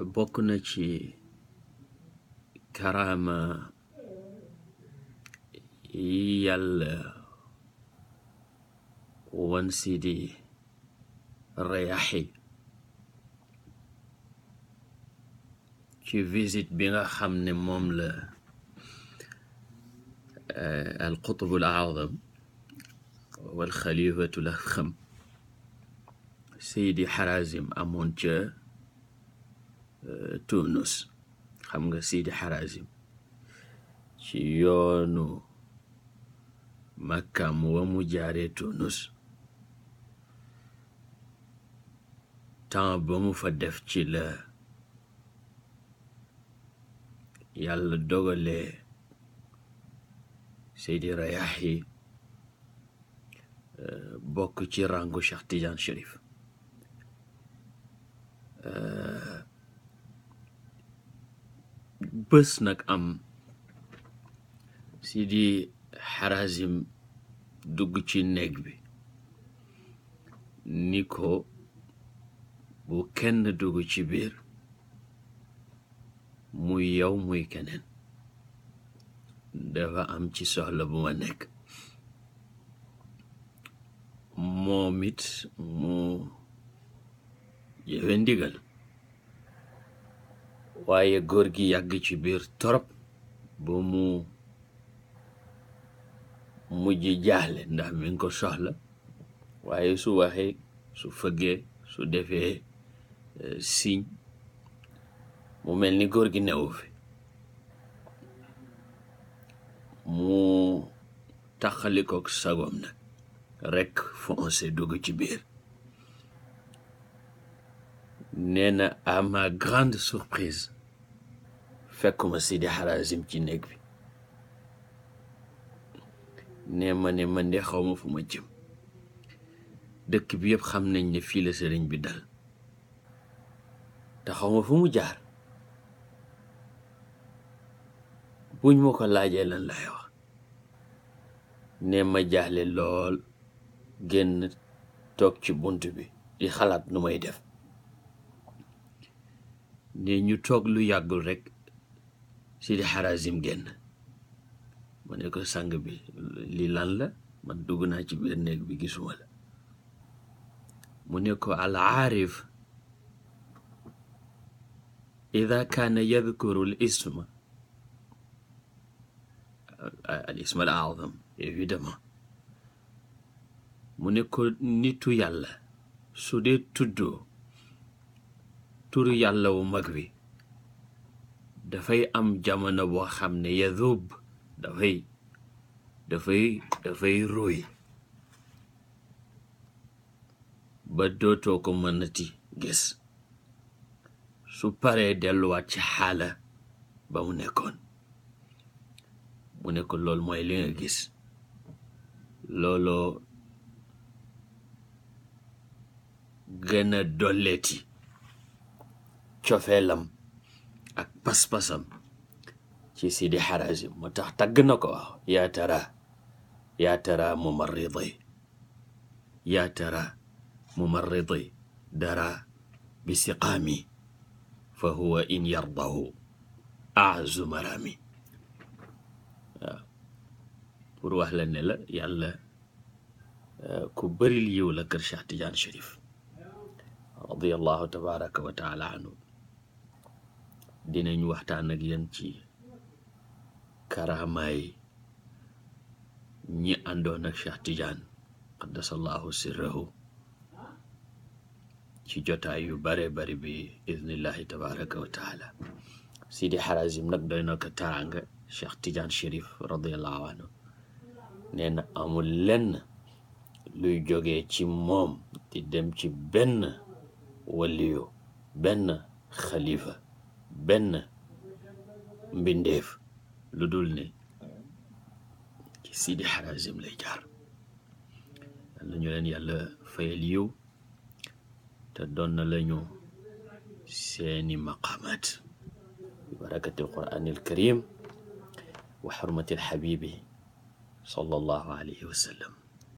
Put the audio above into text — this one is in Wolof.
بوكنا شي كرامة يال ونسيدي رياحي في فيزيت بينا خامن مومل آه، القطب الأعظم والخليفة الأخم سيدي حرازم أمونجا Euh, Tunus xam nga Sidi Harazim ci yoonu Makka mu wa mu jaaree Tunus temps ba fa def ci la yàlla dogalee Seydi Rayaahi euh, bokk ci rangu Cheikh Tidiane bës nag am di Harazim dugg ci néeg bi ni ko bu kenn dugg ci biir muy yow muy kenen dafa am ci soxla bu ma nekk moom it mu jëfe ndigal waaye góor gi yàgg ci biir torop ba mu mujj jaaxle ndax mi ko soxla waaye su waxee su fëggee su defee e, signe mu mel ni góor gi newu fi mu taxali ko sagom nag rek foncé dugg ci biir néna à ma grande surprise fekkuma Sidi Harazim ci néeg bi nee ma ne man de xaw ma fu ma jëm dëkk bi yëpp xam nañ ne fii la sëriñ bi dal te xaw ma fu mu jaar buñ ma ko laajee lan lay wax nee ma jaaxle lool génn toog ci bunt bi di xalaat nu may def ne ñu toog lu yàggul rek Sidi Harazim génn ma ne ko sàng bi li lan la man dugg naa ci biir néeg bi gisuma la mu ne ko al aarif ida kaana yadkuru al isma al isma al aazam évidemment mu ne ko nitu yàlla su dee tuddoo turu yàlla wu mag wi dafay am jamono boo xam ne yadub dafay dafay dafay ruuy ba dootoo ko mënati gis su paree delluwaat ci xaala ba mu nekkoon mu ne ko loolu mooy li nga gis looloo gën a dolleeti cofeelam ak pas-pasam ci Sidi Harazim moo tax tagg na ko waaw yaa tara yaa tara mumarridi yaa tara mumarridi dara bi bisiqaami fa huwa in yardahu aazu marami pour wax la ne la yàlla ku bëril yiw la kër Cheikh Tidiane Chérif radiallahu tabaraka wa taala anhu dinañu waxtaan ak yéen ci karaamaay ñi àndoon ak Cheikh Tidiane qaddasallahu sirrahu ci jotaay yu bare bari bi idnillahi tabaraka wa taala Sidi nag doy na ko taraanga Cheikh Tidiane Chérif radiallahu anhu nee amul lenn luy jógee ci moom di dem ci benn waliyu benn xalifa benn mbindeef lu dul ne ci Sidi Harazim lay jaar yàlla ñu leen yàlla fayal yiw te doon na lañu seeni maqaamaat bi barakati alquran alkarim wa xurmati alxabibi sallallahu alayhi wa sallam